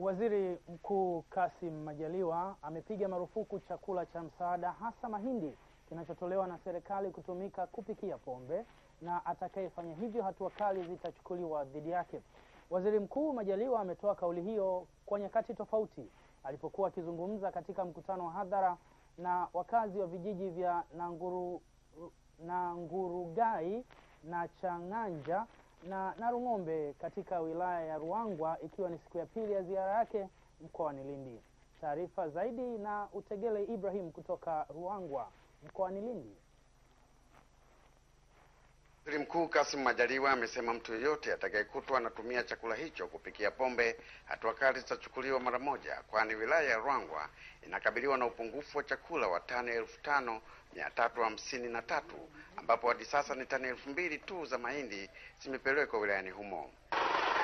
Waziri Mkuu Kassim Majaliwa amepiga marufuku chakula cha msaada hasa mahindi kinachotolewa na serikali kutumika kupikia pombe na atakayefanya hivyo hatua kali zitachukuliwa dhidi yake. Waziri Mkuu Majaliwa ametoa kauli hiyo kwa nyakati tofauti alipokuwa akizungumza katika mkutano wa hadhara na wakazi wa vijiji vya Nanguru, Nangurugai na Chang'anja na Narung'ombe katika wilaya ya Ruangwa ikiwa ni siku ya pili ya ziara yake mkoani Lindi. Taarifa zaidi na Utegele Ibrahim kutoka Ruangwa mkoani Lindi. Waziri Mkuu Kassim Majaliwa amesema mtu yeyote atakayekutwa anatumia chakula hicho kupikia pombe, hatua kali zitachukuliwa mara moja, kwani wilaya ya Ruangwa inakabiliwa na upungufu wa chakula wa tani elfu tano mia tatu hamsini na tatu ambapo hadi sasa ni tani elfu mbili tu za mahindi zimepelekwa wilayani humo.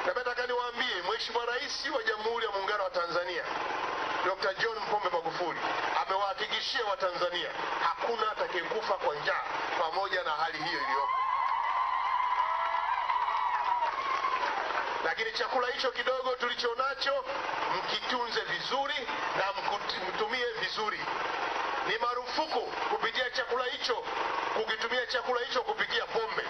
Napenda niwaambie Mheshimiwa Rais wa Jamhuri ya Muungano wa Tanzania Dr. John Pombe Magufuli amewahakikishia Watanzania hakuna atakayekufa kwa njaa pamoja na hali hiyo iliyopo. Lakini chakula hicho kidogo tulichonacho mkitunze vizuri na mtumie vizuri. Ni marufuku kupitia chakula hicho kukitumia chakula hicho kupikia pombe.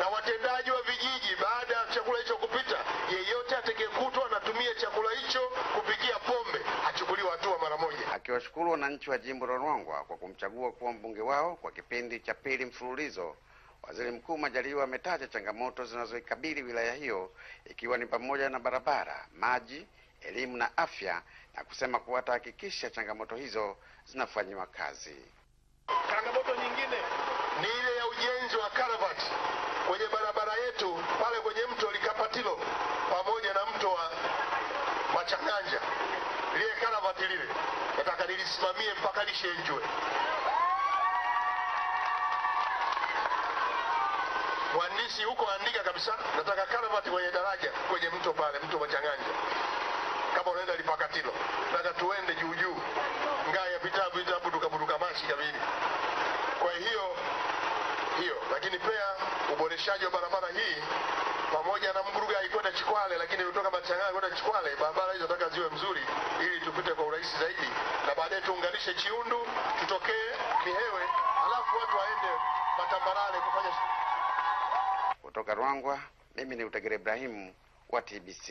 Na watendaji wa vijiji, baada ya chakula hicho kupita, yeyote atakayekutwa anatumia chakula hicho kupikia pombe achukuliwa hatua mara moja. Akiwashukuru wananchi wa jimbo la Ruangwa kwa kumchagua kuwa mbunge wao kwa kipindi cha pili mfululizo. Waziri Mkuu Majaliwa ametaja changamoto zinazoikabili wilaya hiyo ikiwa ni pamoja na barabara, maji, elimu na afya, na kusema kuwa atahakikisha changamoto hizo zinafanyiwa kazi. Changamoto nyingine ni ile ya ujenzi wa karavati kwenye barabara yetu pale kwenye mto Likapatilo pamoja na mto wa Machanganja. Lile karavati lile nataka nilisimamie mpaka lishenjwe. Waandishi huko andika kabisa, nataka karavati kwenye daraja, kwenye mto pale, mto wa Changanja, kama unaenda Lipakatilo, nataka tuende juu juu, ngaa ya vitabu vitabu, tukaburuka mashi kamili. Kwa hiyo hiyo, lakini pia uboreshaji wa barabara hii pamoja na Mgurugai ikwenda Chikwale, lakini kutoka Machanganya kwenda Chikwale, barabara hizo nataka ziwe mzuri ili tupite kwa urahisi zaidi, na baadaye tuunganishe Chiundu tutokee Mihewe, alafu watu waende Matambarare kufanya kutoka Rwangwa, mimi ni Utegere Ibrahimu wa TBC.